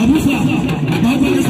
Abusa, ba ta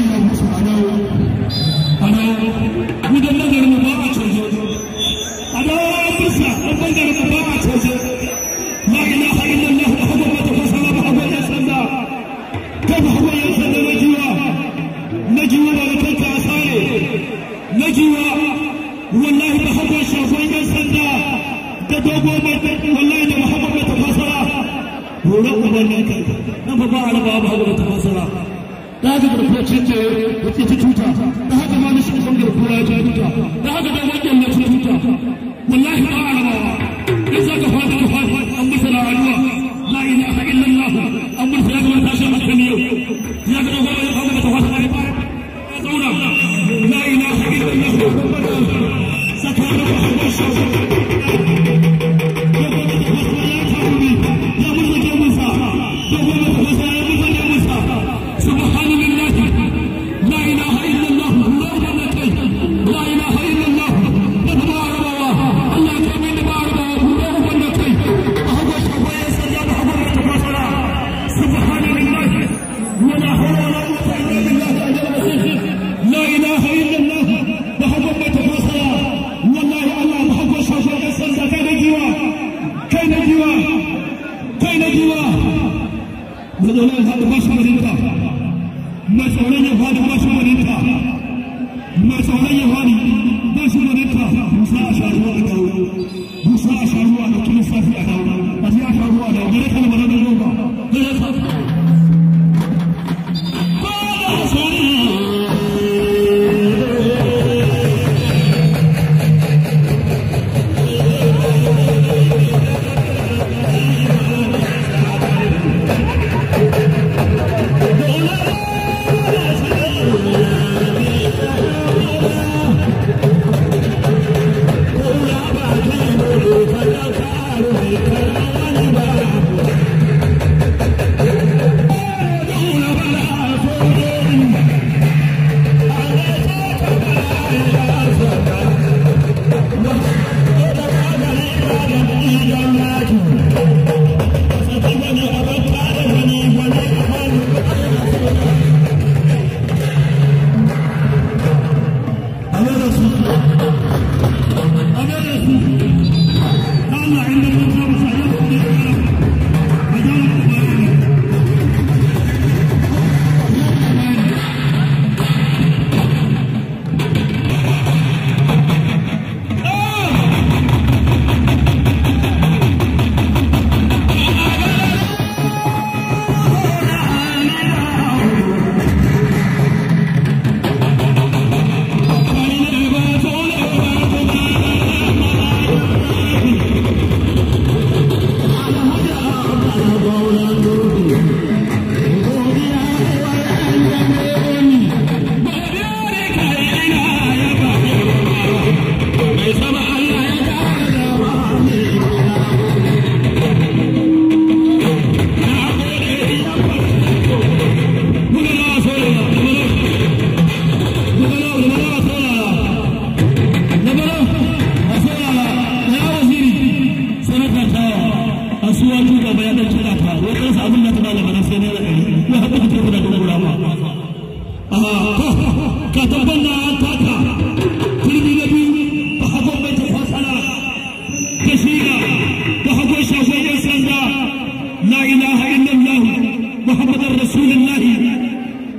Orang-orang yang nampak bahagia bahagia terpaksa da haka garkuwa ce ke da ta tuta da haka ma na shugaban garkuwa ya ta da haka da wajen ya ta tuta wallahi ba a rabawa in za ka fada ka fada an bisa na rayuwa la ilaha illallah an bisa ya kamar tashi a kan yau ya ga dogon ya kawo ka fada ne ba zauna la ilaha illallah sakara ba shi Hadi başla.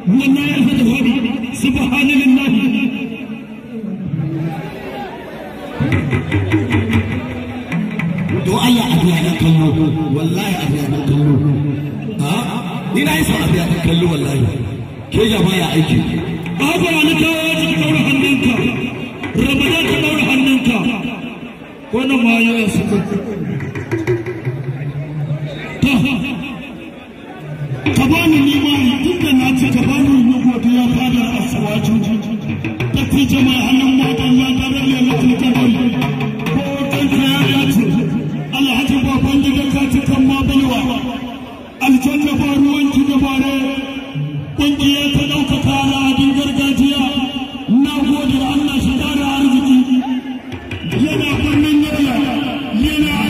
والنار تذهب سبحان الله to Allah a biya dan kallo wallahi a biya dan kallo ha ni na yi son a biya dan kallo wallahi ke jama'a aiki babu wani kawo ta daura hannunka rabata ta daura hannunka wannan ma yau ya suka تجمع أنهم مهدن لا دارا لألتنا كبول فوقن خيارات الحج بابان دقاكات كما بلوا الجنة باروان تنباري قنجية نوكة على عدن درقاتيا ناقود الله شدار عرضي ينا قرن النبي ينا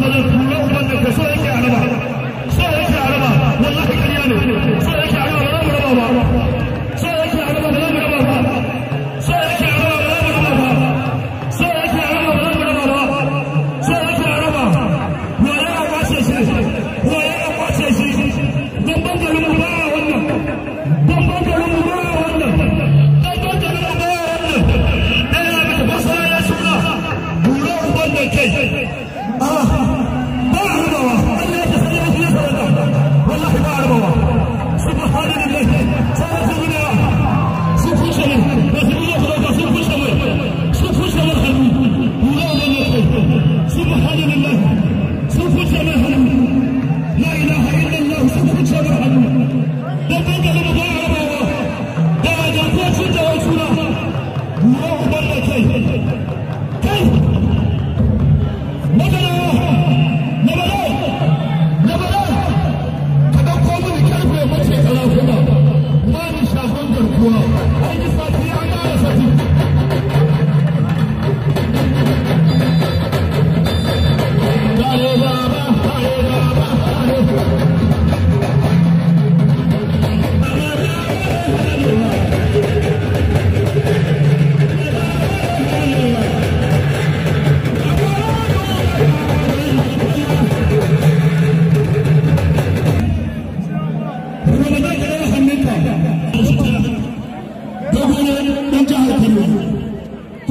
president, no one can say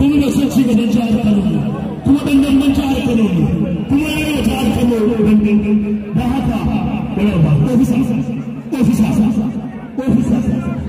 mu muna son ci gaban jihar Kano kuma dan dan jihar Kano ne kuma yana jihar Kano dan dan da haka ofisa ofisa ofisa